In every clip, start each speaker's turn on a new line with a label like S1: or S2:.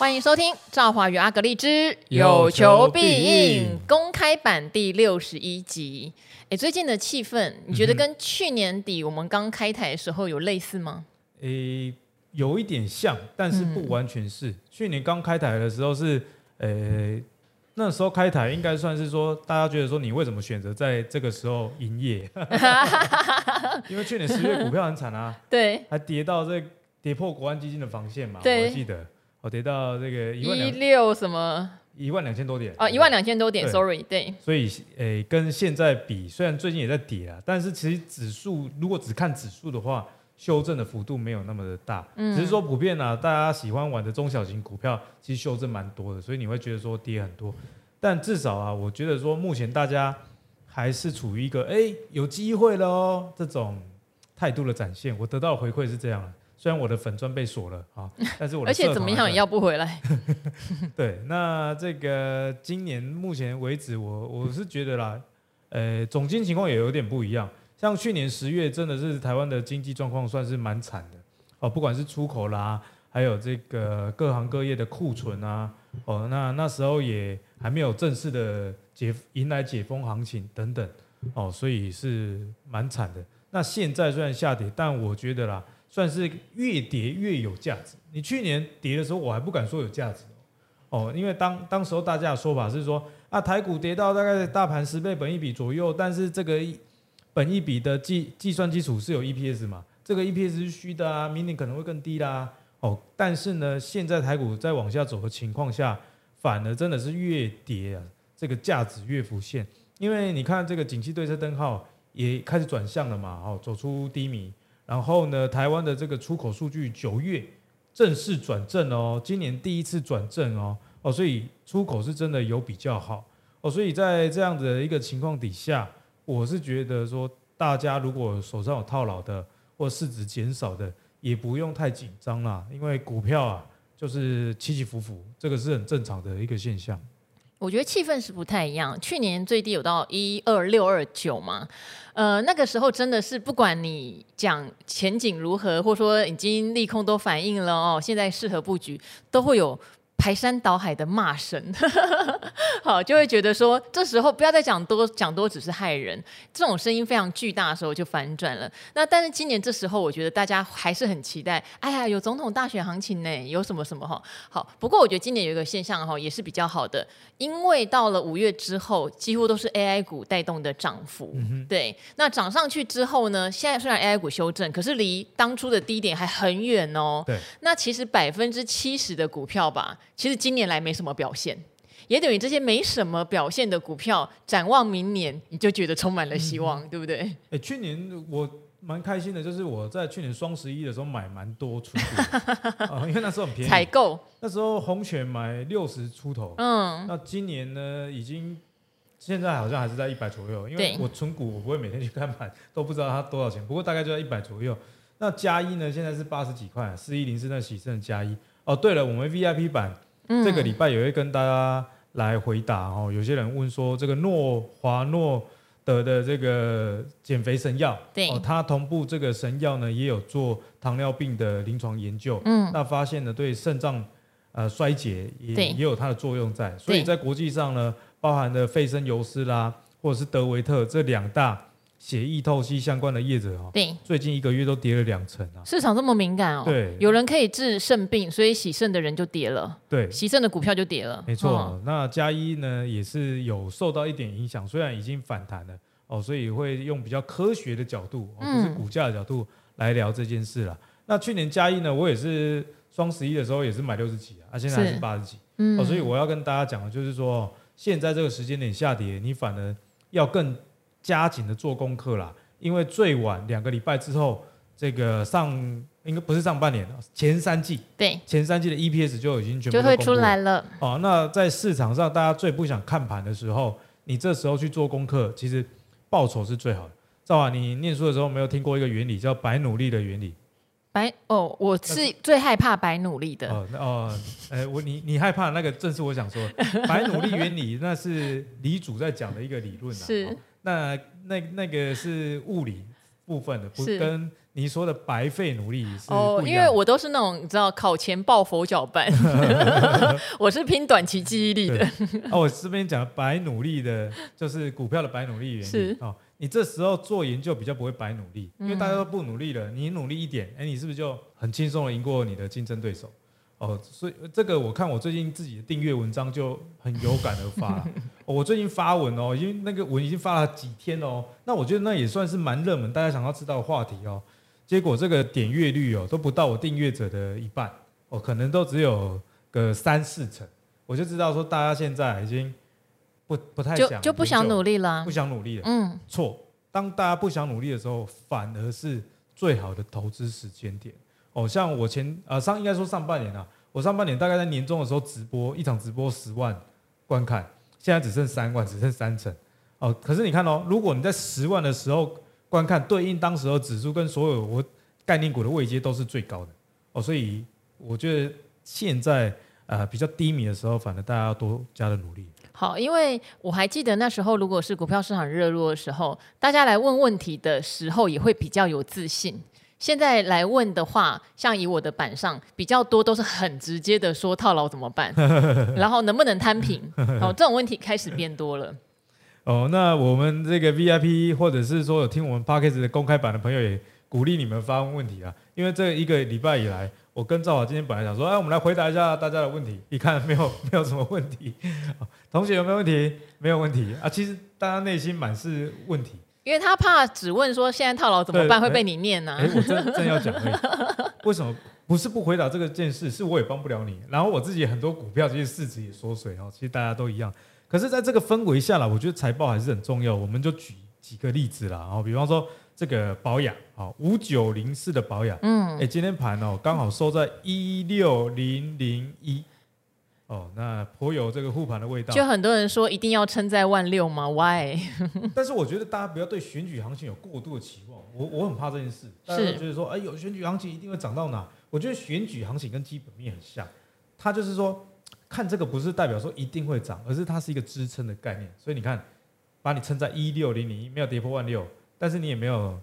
S1: 歡迎收聽《趙華與阿格力》之有求必應，求必應公開版第六十一集。哎，最近的氣氛，你覺得跟去年底我們剛開台的時候有類似嗎？嗯、
S2: 誒，有一點像，但是不完全是。嗯、去年剛開台的時候是，呃，那時候開台應該算是說，大家覺得說，你為什麼選擇在這個時候營業？
S1: 因為去年十月
S2: 股票很慘啊，對，還跌到這，跌破國安基金的防線嘛，我記得。我、哦、跌到這個一萬
S1: 六什麼
S2: 一萬兩千多點啊，哦、對一萬
S1: 兩千多點，sorry，對。對
S2: 所以誒、欸，跟現在比，雖然最近也在跌啊，但是其實指數如果只看指數的話，修正的幅度沒有那麼的大，嗯、只是說普遍啊，大家喜歡玩的中小型股票，其實修正蠻多的，所以你會覺得說跌很多。但至少啊，我覺得說目前大家還是處於一個誒、欸、有機會了哦這種態度的展現，我得到的回饋是這樣雖然我的粉專被鎖了啊，但是我的，而且怎麼樣也要不回來。 對，那這個今年目前為止我，我我是覺得啦，呃，總經情況也有點不一樣。像去年十月，真的是台灣的經濟狀況算是蠻慘的哦，不管是出口啦，還有這個各行各業的庫存啊，哦，那那時候也還沒有正式的解迎來解封行情等等哦，所以是蠻慘的。那現在雖然下跌，但我覺得啦。算是越跌越有價值。你去年跌的時候，我還不敢說有價值哦，因為當當時候大家的說法是說啊，台股跌到大概大盤十倍本益比左右，但是這個本益比的計計算基礎是有 EPS 嘛？這個 EPS 是虛的啊，明年可能會更低啦。哦，但是呢，現在台股在往下走的情況下，反而真的是越跌啊，這個價值越浮現。因為你看這個景氣對策燈號也開始轉向了嘛，哦，走出低迷。然後呢，台灣的這個出口數據九月正式轉正哦，今年第一次轉正哦，哦，所以出口是真的有比較好哦，所以在這樣子的一個情況底下，我是覺得說，大家如果手上有套牢的或市值減少的，也不用太緊張啦，因為股票啊就是起起伏伏，這個是很正常的一個現象。
S1: 我覺得氣氛是不太一樣。去年最低有到一二六二九嘛，呃，那個時候真的是不管你講前景如何，或說已經利空都反映了哦，現在適合布局都會有排山倒海的罵聲， 好，就會覺得說，這時候不要再講多，講多只是害人。這種聲音非常巨大的時候就反轉了。那但是今年這時候，我覺得大家還是很期待。哎呀，有總統大選行情呢，有什麼什麼哈、哦。好，不過我覺得今年有一個現象哈、哦，也是比較好的，因為到了五月之後，幾乎都是 AI 股帶動的漲幅。嗯、哼對，那漲上去之後呢，現在雖然 AI 股修正，可是離當初的低點還很遠哦。對，那其實百分之七十的股票吧。其實今年來沒什麼表現，也等於這些沒什麼表現的股票，展望明年，你就覺得充滿了希望，嗯、對不對？
S2: 哎、欸，去年我蠻開心的，就是我在去年雙十一的時候買蠻多出、 哦，因為那時候很便宜，採購購那時候紅犬買六十出頭，嗯，那今年呢，已經現在好像還是在一百左右，因為我存股我不會每天去看盤，都不知道它多少錢，不過大概就在一百左右。那加一呢，現在是八十幾塊、啊，四一零是那喜正加一。1, 哦，對了，我們 VIP 版。嗯、這個禮拜也會跟大家來回答哦。有些人問說，這個諾華諾德的這個減肥神藥，對、哦，它同步這個神藥呢，也有做糖尿病的臨床研究，嗯，那發現呢，對腎臟呃衰竭也對也有它的作用在，所以在國際上呢，對包含的費森尤斯啦，或者是德維特這兩大，血液透析相關的業者哦，對最近一個月都跌了兩成啊。
S1: 市場這麼敏感哦，對，有人可以治腎病，所以洗腎的人就跌了，對，洗腎的股票就跌了，沒錯。嗯、
S2: 那佳醫呢，也是有受到一點影響，雖然已經反彈了哦，所以會用比較科學的角度，就、哦、是股價的角度來聊這件事了。嗯、那去年佳醫呢，我也是雙十一的時候也是買六十幾啊，啊現在還是八十幾，嗯、哦，所以我要跟大家講的就是說，現在這個時間點下跌，你反而要更。加緊的做功課啦，因為最晚兩個禮拜之後，這個上應該不是上半年了，前三季對前三季的 EPS 就已經全部了就會出來了哦。那在市場上大家最不想看盤的時候，你這時候去做功課，其實報酬是最好的。趙啊，你念書的時候沒有聽過一個原理叫白努力的原理？
S1: 白哦，我是那最害怕白努力的
S2: 哦。那哦，哎，我你你害怕的那個，正是我想說的 白努力原理，那是李主在講的一個理論是。那那那個是物理部分的，是不跟你說的白費努力是一樣的哦，因
S1: 為我都是那種你知道考前抱佛腳般， 我是拼短期記憶力的。哦，我
S2: 這邊講的白努力的，就是股票的白努力原理是哦。你這時候做研究比較不會白努力，嗯、因為大家都不努力了，你努力一點，哎，你是不是就很輕鬆的贏過你的競爭對手？哦，所以這個我看我最近自己的訂閱文章就很有感而發、 哦。我最近發文哦，因為那個文已經發了幾天哦，那我覺得那也算是蠻熱門，大家想要知道的話題哦。結果這個點閱率哦，都不到我訂閱者的一半哦，可能都只有個三四成。我就知道說，大家現在已經不不太想就，就不想努力了、啊，不想努力了。嗯，錯。當大家不想努力的時候，反而是最好的投資時間點。好像我前，呃上，應該說上半年啊，我上半年大概在年終的時候直播一場，直播十萬觀看，現在只剩三萬，只剩三成哦、呃。可是你看哦，如果你在十萬的時候觀看，對應當時候指數跟所有我概念股的位階都是最高的哦、呃，所以我覺得現在呃比較低迷的時候，反而大家要多加的努力。
S1: 好，因為我還記得那時候，如果是股票市場熱絡的時候，大家來問問題的時候，也會比較有自信。現在來問的話，像以我的板上比較多都是很直接的說套牢怎麼辦， 然後能不能攤平，好， 這種問題開始變多
S2: 了。哦，那我們這個 VIP 或者是說有聽我們 Podcast 的公開版的朋友也鼓勵你們發問問題啊，因為這一個禮拜以來，我跟趙老今天本來想說，哎，我們來回答一下大家的問題，一看沒有沒有什麼問題，同學有沒有問題？沒有問題啊，其實大家內心滿是問題。
S1: 因為他怕只問說現在套牢怎麼辦、欸、會被你念呢、啊欸、我真真要講、欸，
S2: 為什麼不是不回答這個件事？是我也幫不了你。然後我自己很多股票這些市值也縮水哦，其實大家都一樣。可是，在這個氛圍下了，我覺得財報還是很重要。我們就舉幾個例子啦，哦，比方說這個寶雅，哦五九零四的寶雅，嗯，哎、欸，今天盤哦剛好收在一六零零一。哦，那頗有這個護盤的味道。就很
S1: 多人說一定要撐在萬六嗎？Why？
S2: 但是我覺得大家不要對選舉行情有過度的期望。我我很怕這件事，但是就是說，哎是、欸，有選舉行情一定會漲到哪？我覺得選舉行情跟基本面很像，它就是說看這個不是代表說一定會漲，而是它是一個支撐的概念。所以你看，把你撐在一六零零一，沒有跌破萬六，但是你也沒有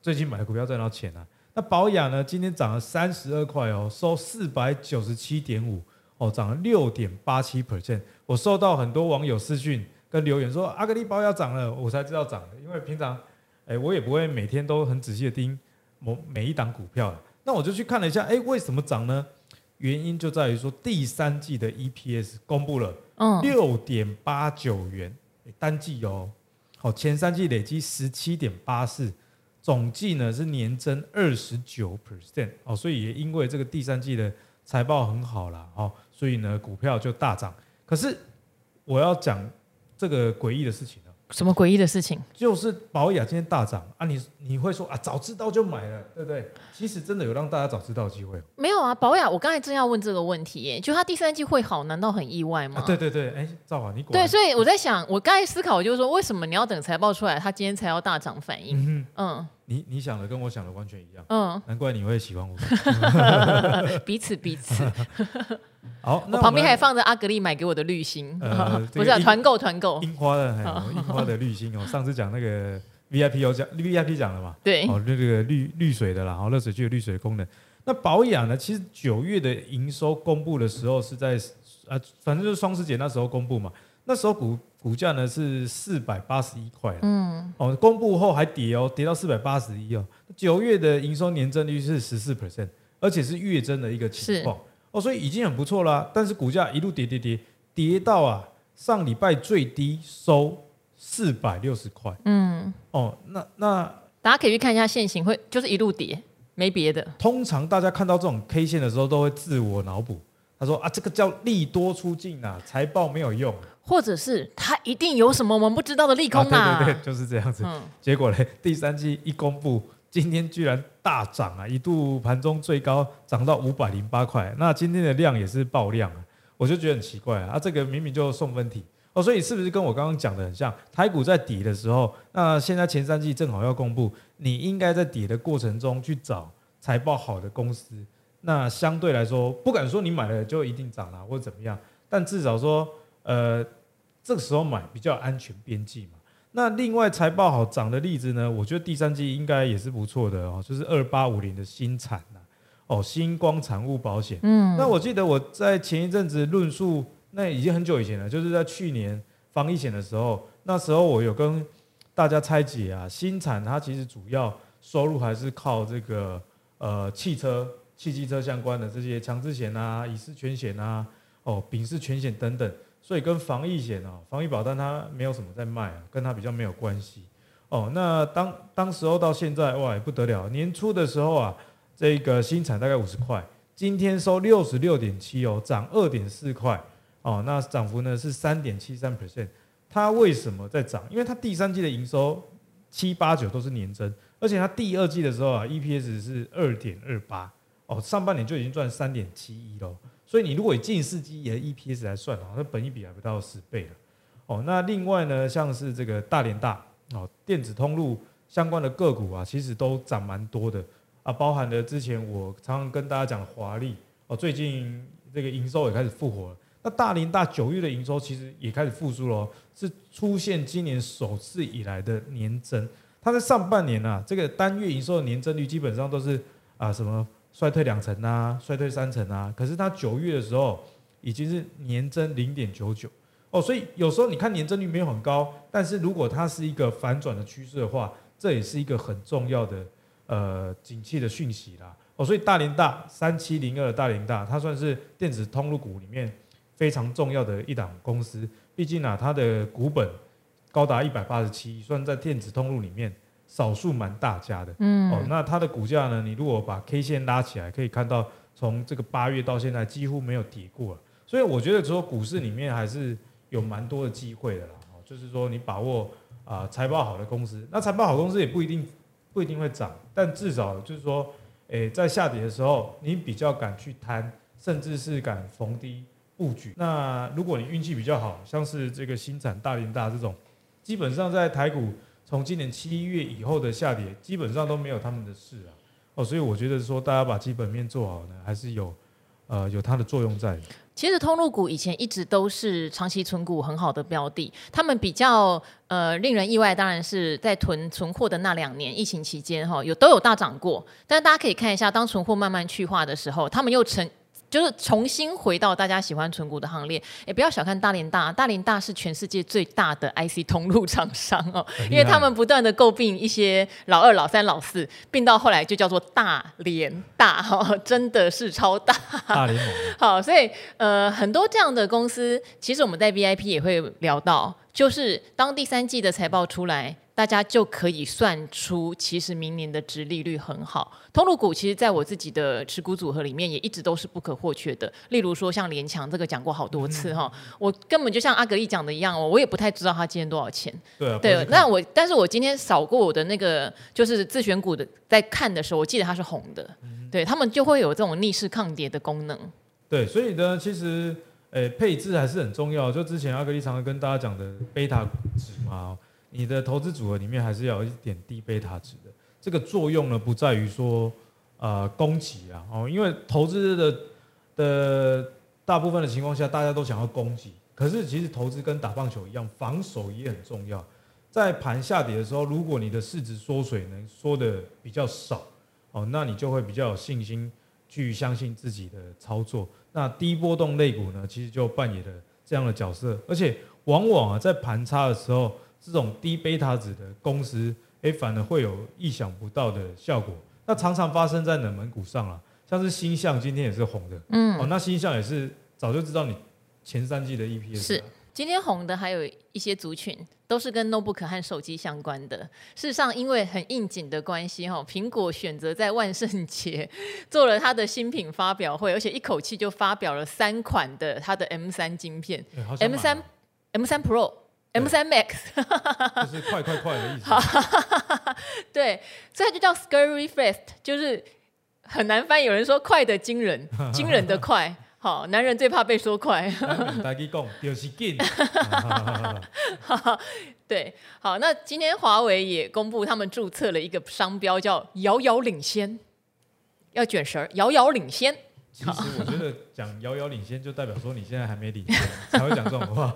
S2: 最近買的股票賺到錢啊。那寶雅呢，今天漲了三十二塊哦，收四百九十七點五。哦，漲了六點八七 percent。我收到很多網友私訊跟留言說阿格力包要漲了，我才知道漲了，因為平常哎、欸，我也不會每天都很仔細的盯某每一檔股票。那我就去看了一下，哎、欸，為什麼漲呢？原因就在於說第三季的 EPS 公布了，嗯，六點八九元，單季喔，好，前三季累積十七點八四，總計呢是年增二十九 percent。哦，所以也因為這個第三季的財報很好啦，哦。所以呢，股票就大漲。可是我要講這個詭異的事情呢？
S1: 什麼詭異的事情？
S2: 就是寶雅今天大漲啊，你！你你會說啊，早知道就買了，對不對？其實真的有讓大家早知道的機會。
S1: 沒有啊，寶雅，我剛才正要問這個問題耶，就他第三季會好，難道很意外嗎？啊、對
S2: 對對，哎，趙華、啊，你對，所以
S1: 我在想，我剛才思考，就是說，為什麼你要等財報出來，他今天才要大漲反應？嗯，哼嗯。
S2: 你你想的跟我想的完全一
S1: 樣，嗯，難怪你會喜
S2: 歡我。嗯、彼此彼此，
S1: 嗯、好。那我，我旁邊還放着阿格麗買給我的濾芯，我想團購團購，櫻花的櫻花的
S2: 濾芯哦。上次講那個 VIP 有講 VIP 講了嘛？對，哦，那、這個濾濾水的啦，然、哦、熱水器有濾水功能。那寶雅呢？其實九月的營收公布的時候是在啊，反正就是雙十節那時候公布嘛。那時候股股價呢是四百八十一塊，嗯，哦，公布後還跌哦，跌到四百八十一哦，九月的營收年增率是十四 percent，而且是月增的一個情況，是哦，所以已經很不錯啦、啊。但是股價一路跌跌跌，跌到啊上禮拜最低收四百六十塊，
S1: 嗯，哦，那那大家可以去看一下線型，會就是一路跌，沒別的。
S2: 通常大家看到這種 K 線的時候，都會自我腦補，他說啊，這個叫利多出盡啊，財報沒有用、啊。
S1: 或者是它一定有什麼我們不知道的利空嘛、啊啊。對對對，就是這樣子。嗯、
S2: 結果咧，第三季一公布，今天居然大漲啊，一度盤中最高漲到五百零八塊。那今天的量也是爆量啊，我就覺得很奇怪啊。啊，這個明明就送分題哦。所以是不是跟我剛剛講的很像？台股在底的時候，那現在前三季正好要公布，你應該在底的過程中去找財報好的公司。那相對來說，不敢說你買了就一定漲了、啊、或者怎麼樣，但至少說，呃。這個時候買比較安全邊際嘛。那另外財報好漲的例子呢？我覺得第三季應該也是不錯的哦，就是二八五零的新產、啊、哦，新光產物保險。嗯，那我記得我在前一陣子論述，那已經很久以前了，就是在去年防疫險的時候，那時候我有跟大家拆解啊，新產它其實主要收入還是靠這個呃汽車、汽機車相關的這些強制險啊、乙式全險啊、哦丙式全險等等。所以跟防疫險啊、防疫保單它沒有什麼在賣啊，跟它比較沒有關係哦。那當當時候到現在哇，也不得了！年初的時候啊，這個新產大概五十塊，今天收六十六點七哦，漲二點四塊哦，那漲幅呢是三點七三 percent。它為什麼在漲？因為它第三季的營收七八九都是年增，而且它第二季的時候啊，EPS 是二點二八哦，上半年就已經賺三點七一嘍。所以你如果以近四季 EPS 來算哦，那本益比還不到十倍哦，那另外呢，像是這個大聯大、哦、電子通路相關的個股啊，其實都漲蠻多的啊，包含了之前我常常跟大家講華立哦，最近這個營收也開始復活了。那大聯大九月的營收其實也開始復甦了、哦，是出現今年首次以來的年增。它在上半年呢、啊，這個單月營收的年增率基本上都是啊什麼？衰退兩成啊，衰退三成啊，可是它九月的時候已經是年增零點九九哦，所以有時候你看年增率沒有很高，但是如果它是一個反轉的趨勢的話，這也是一個很重要的呃景氣的訊息啦哦，所以大聯大三七零二大聯大，它算是電子通路股裡面非常重要的一檔公司，畢竟啊它的股本高達一百八十七，算在電子通路裡面。少數蠻大家的，嗯，哦，那它的股價呢？你如果把 K 線拉起來，可以看到從這個八月到現在幾乎沒有跌過了。所以我覺得說股市裡面還是有蠻多的機會的啦。就是說你把握啊財報好的公司，那財報好公司也不一定不一定會漲，但至少就是說，誒、欸，在下跌的時候你比較敢去攤，甚至是敢逢低布局。那如果你運氣比較好，像是這個新產、大聯大這種，基本上在台股。從今年七月以後的下跌，基本上都沒有他們的事啊。哦，所以我覺得說，大家把基本面做好呢，還是有，呃，有它的作用在。
S1: 其實通路股以前一直都是長期存股很好的標的，他們比較呃令人意外，當然是在囤存貨的那兩年疫情期間哈，哦，有都有大漲過。但大家可以看一下，當存貨慢慢去化的時候，他們又成。就是重新回到大家喜歡存股的行列，也不要小看大聯大，大聯大是全世界最大的 IC 通路廠商哦，厲害。因為他們不斷的購併一些老二、老三、老四，併到後來就叫做大聯大，真的是超大。大聯大好，好所以呃，很多這樣的公司，其實我們在 VIP 也會聊到，就是當第三季的財報出來。大家就可以算出，其實明年的殖利率很好。通路股其實在我自己的持股組合裡面也一直都是不可或缺的。例如說像聯強這個講過好多次哈、嗯哦，我根本就像阿格力講的一樣，我也不太知道他今天多少錢。對、啊、對，那我但是我今天掃過我的那個就是自選股的，在看的時候，我記得它是紅的。嗯、對他們就會有這種逆勢抗跌的功能。
S2: 對，所以呢，其實、欸、配置還是很重要。就之前阿格力常常跟大家講的貝塔你的投資組合裡面還是要有一點低貝塔值的。這個作用呢，不在於說呃攻擊啊哦，因為投資的的大部分的情況下，大家都想要攻擊。可是其實投資跟打棒球一樣，防守也很重要。在盤下跌的時候，如果你的市值縮水呢，縮得比較少哦，那你就會比較有信心去相信自己的操作。那低波動類股呢，其實就扮演了這樣的角色。而且往往啊，在盤差的時候。這種低貝塔值的公司，哎、欸，反而會有意想不到的效果。那常常發生在冷門股上了、啊，像是星象，今天也是紅的，嗯，哦，那星象也是早就知道你前三季的 EPS，是
S1: 今天紅的還有一些族群，都是跟 notebook 和手機相關的。事實上，因為很應景的關係、哦，哈，蘋果選擇在萬聖節做了它的新品發表會，而且一口氣就發表了三款的它的 M 三晶片，欸、M 三，M 三 Pro。對 M3 Max， 就
S2: 是快快快的意思。
S1: 對，所以它就叫 Scary Fast，就是很難翻。有人說快得驚人，驚人的快。 好，男人最怕被說快。
S2: 大
S1: 對，好，那今天華為也公布，他們注冊了一個商標叫遙遙領先，要捲舌，遙遙領先。
S2: 其實我覺得講遙遙領先，就代表說你現在還沒領先，才會講 這種話。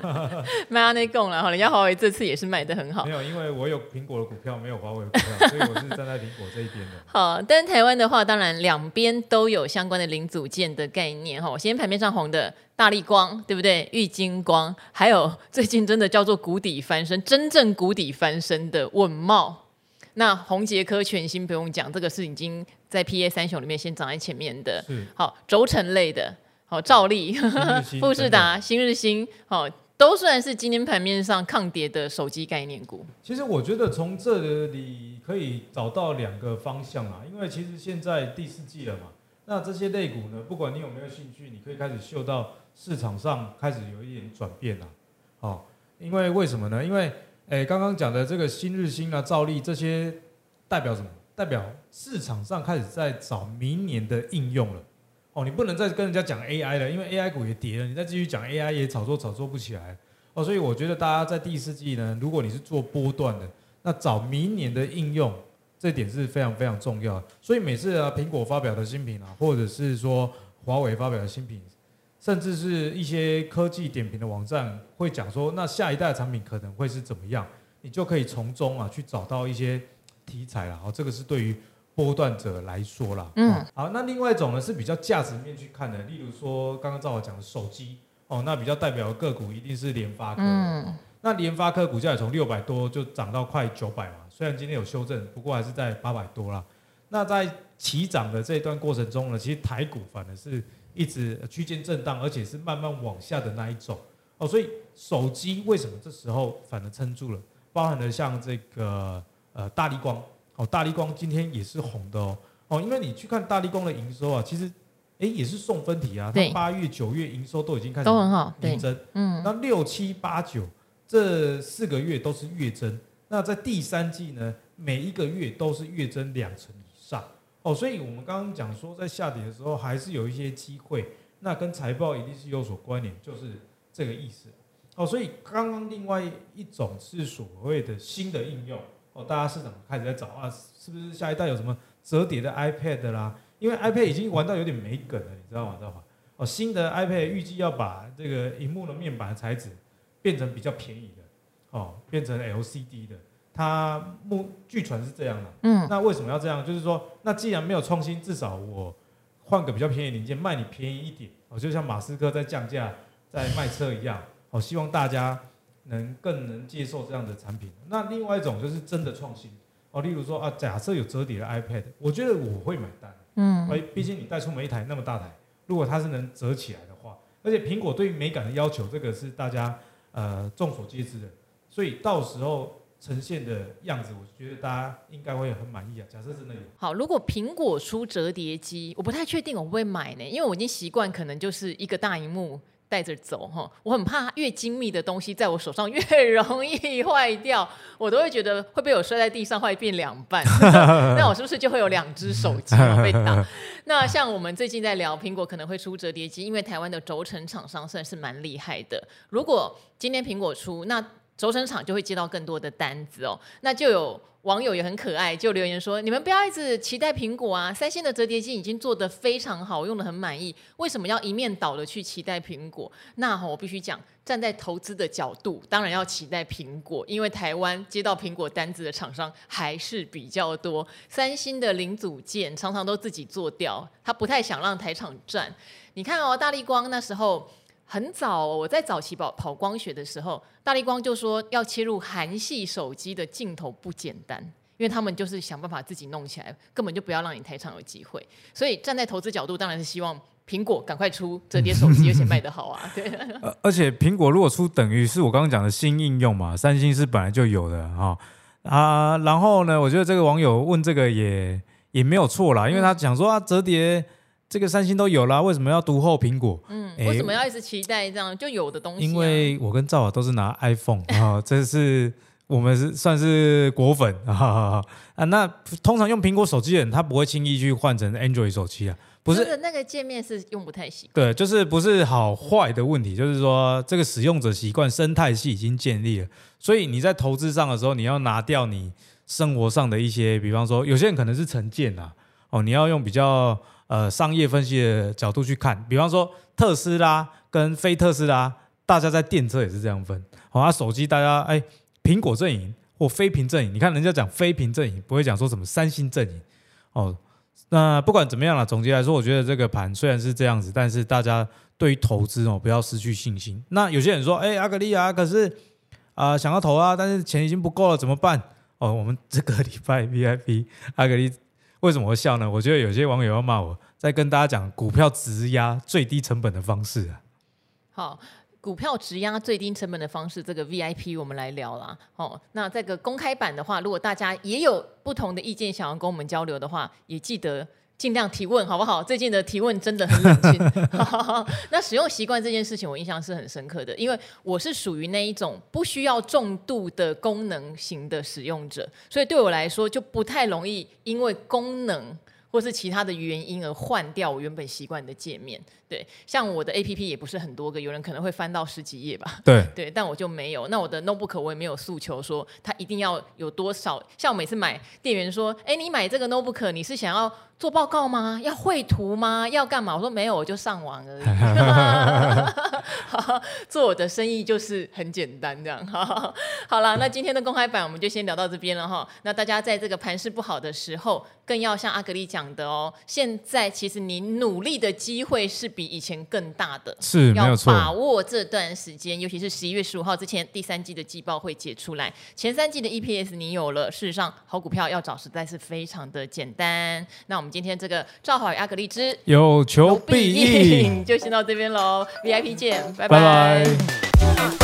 S1: 麥安內共啦，然後人家華為這次也是賣得很好。沒有，因為我有蘋果的股
S2: 票，沒有華為的股票， 所以我是站在蘋果這一邊的。
S1: 好，但台灣的話，當然兩邊都有相關的零組件的概念。哈，我先盤面上紅的，大立光，對不對？玉晶光，還有最近真的叫做谷底翻身，真正谷底翻身的穩懋。那宏捷科全新不用講，這個是已經在 P A 三雄裡面先漲在前面的。是好，軸承類的，好，兆力、新日新 富士達、的新日新，好，都算是今天盤面上抗跌的手機概念股。
S2: 其實我覺得從這裡可以找到兩個方向啊，因為其實現在第四季了嘛，那這些類股呢，不管你有沒有興趣，你可以開始嗅到市場上開始有一點轉變了、啊。好、哦，因為為什麼呢？因為哎，剛剛講的這個新日新興啊、兆利這些代表什麼？代表市場上開始在找明年的應用了。哦，你不能再跟人家講 AI 了，因為 AI 股也跌了，你再繼續講 AI 也炒作炒作不起來。哦，所以我覺得大家在第四季呢，如果你是做波段的，那找明年的應用這點是非常非常重要的。所以每次啊，蘋果發表的新品啊，或者是說華為發表的新品。甚至是一些科技點評的網站會講說，那下一代的產品可能會是怎麼樣，你就可以從中啊去找到一些題材了。哦，這個是對於波段者來說啦。嗯、啊。好，那另外一種呢是比較價值面去看的，例如說剛剛趙老師講的手機哦，那比較代表的個股一定是聯發科。嗯。啊、那聯發科股價也從六百多就漲到快九百嘛，雖然今天有修正，不過還是在八百多啦。那在起漲的這一段過程中呢，其實台股反而是。一直區間震盪，而且是慢慢往下的那一種哦，所以手機為什麼這時候反而撐住了？包含了像這個呃，大立光哦，大立光今天也是紅的哦哦，因為你去看大立光的營收啊，其實誒、欸、也是送分題啊，對，八月九月營收都已經開始都很好，對，營增嗯，那六七八九這四個月都是月增，那在第三季呢，每一個月都是月增兩成以上。哦，所以我們剛剛講說，在下跌的時候還是有一些機會，那跟財報一定是有所關聯，就是這個意思。哦，所以剛剛另外一種是所謂的新的應用，哦，大家是怎麼開始在找啊，是不是下一代有什麼折疊的 iPad 啦？因為 iPad 已經玩到有點沒梗了，你知道嗎？知道嗎。哦，新的 iPad 預計要把這個螢幕的面板的材質變成比較便宜的，哦，變成 LCD 的。他目據傳是這樣的，啊，嗯，那為什麼要這樣？就是說，那既然沒有創新，至少我換個比較便宜零件賣你便宜一點，就像馬斯克在降價在賣車一樣，我希望大家能更能接受這樣的產品。那另外一種就是真的創新，哦，例如說啊，假設有折疊的 iPad，我覺得我會買單，嗯，畢竟你帶出門一台那麼大台，如果它是能折起來的話，而且蘋果對於美感的要求，這個是大家呃眾所皆知的，所以到時候。呈現的樣子，我覺得大家應該會很滿意啊。假設是那
S1: 好，如果蘋果出折疊機，我不太確定我會買呢，因為我已經習慣可能就是一個大熒幕帶着走哈。我很怕越精密的東西在我手上越容易壞掉，我都會覺得會被我摔在地上會變兩半。 那我是不是就會有兩只手機被打？ 那像我們最近在聊蘋果可能會出折疊機，因為台灣的軸承廠商算是蠻厲害的。如果今天蘋果出那。軸承廠就會接到更多的單子哦，那就有網友也很可愛，就留言說：你們不要一直期待蘋果啊，三星的折疊機已經做得非常好，用得很滿意，為什麼要一面倒的去期待蘋果？那、哦、我必須講，站在投資的角度，當然要期待蘋果，因為台灣接到蘋果單子的廠商還是比較多，三星的零組件常常都自己做掉，他不太想讓台廠賺。你看哦，大立光那時候。很早、哦、我在早期跑跑光學的時候，大立光就說要切入韓系手機的鏡頭不簡單，因為他們就是想辦法自己弄起來，根本就不要讓你台廠有機會。所以站在投資角度，當然是希望蘋果趕快出折疊手機，而且賣得好啊。對，
S2: 而且蘋果如果出，等於是我剛剛講的新應用嘛，三星是本來就有的啊、哦、啊。然後呢，我覺得這個網友問這個也也沒有錯啦，因為他講說他折疊。這個三星都有啦，為什麼要獨厚蘋果？嗯，
S1: 為什、欸、麼要一直期待這樣就有的東西、啊？因
S2: 為我跟趙老都是拿 iPhone 啊、 哦，這是我們是算是果粉啊。啊，那通常用蘋果手機的人，他不會輕易去換成 Android 手機啊。不是，
S1: 就是那個界面是用不太習
S2: 慣。對，就是不是好壞的問題，就是說這個使用者習慣生態系已經建立了，所以你在投資上的時候，你要拿掉你生活上的一些，比方說，有些人可能是成見啊。哦，你要用比較呃商業分析的角度去看，比方說特斯拉跟非特斯拉，大家在電車也是這樣分。好、哦、啊，手機大家哎，蘋、欸、果陣營或非蘋陣營，你看人家講非蘋陣營，不會講說什麼三星陣營。哦，那不管怎麼樣啦，總結來說，我覺得這個盤雖然是這樣子，但是大家對於投資哦不要失去信心。那有些人說，哎、欸、阿格利亞、啊、可是啊、呃、想要投啊，但是錢已經不夠了，怎麼辦？哦，我們這個禮拜 VIP 阿格利。為什麼會笑呢？我覺得有些網友要罵我，在跟大家講股票質押最低成本的方式啊。
S1: 好，股票質押最低成本的方式，這個 VIP 我們來聊啦。好，哦，那這個公開版的話，如果大家也有不同的意見，想要跟我們交流的話，也記得。儘量提問好不好？最近的提問真的很冷清。 那使用習慣這件事情，我印象是很深刻的，因為我是屬於那一種不需要重度的功能型的使用者，所以對我來說就不太容易因為功能或是其他的原因而換掉我原本習慣的界面。對，像我的 APP 也不是很多個，有人可能會翻到十幾頁吧。對，對，但我就沒有。那我的 Notebook 我也沒有訴求說它一定要有多少。像我每次買，店員說：“哎，你買這個 Notebook，你是想要？”做報告嗎？要繪圖嗎？要幹嘛？我說沒有，我就上網而已 做我的生意就是很簡單這樣。好了，那今天的公開版我們就先聊到這邊了哈。那大家在這個盤勢不好的時候，更要像阿格麗講的哦、喔，現在其實你努力的機會是比以前更大的，是，沒有錯。要把握這段時間，尤其是十一月十五號之前，第三季的季報會解出來，前三季的 EPS 你有了。事實上，好股票要找實在是非常的簡單。那我們。今天這個趙海與阿格力之
S2: 有求必應 ，
S1: 就先到這邊嘍，VIP 見，拜拜。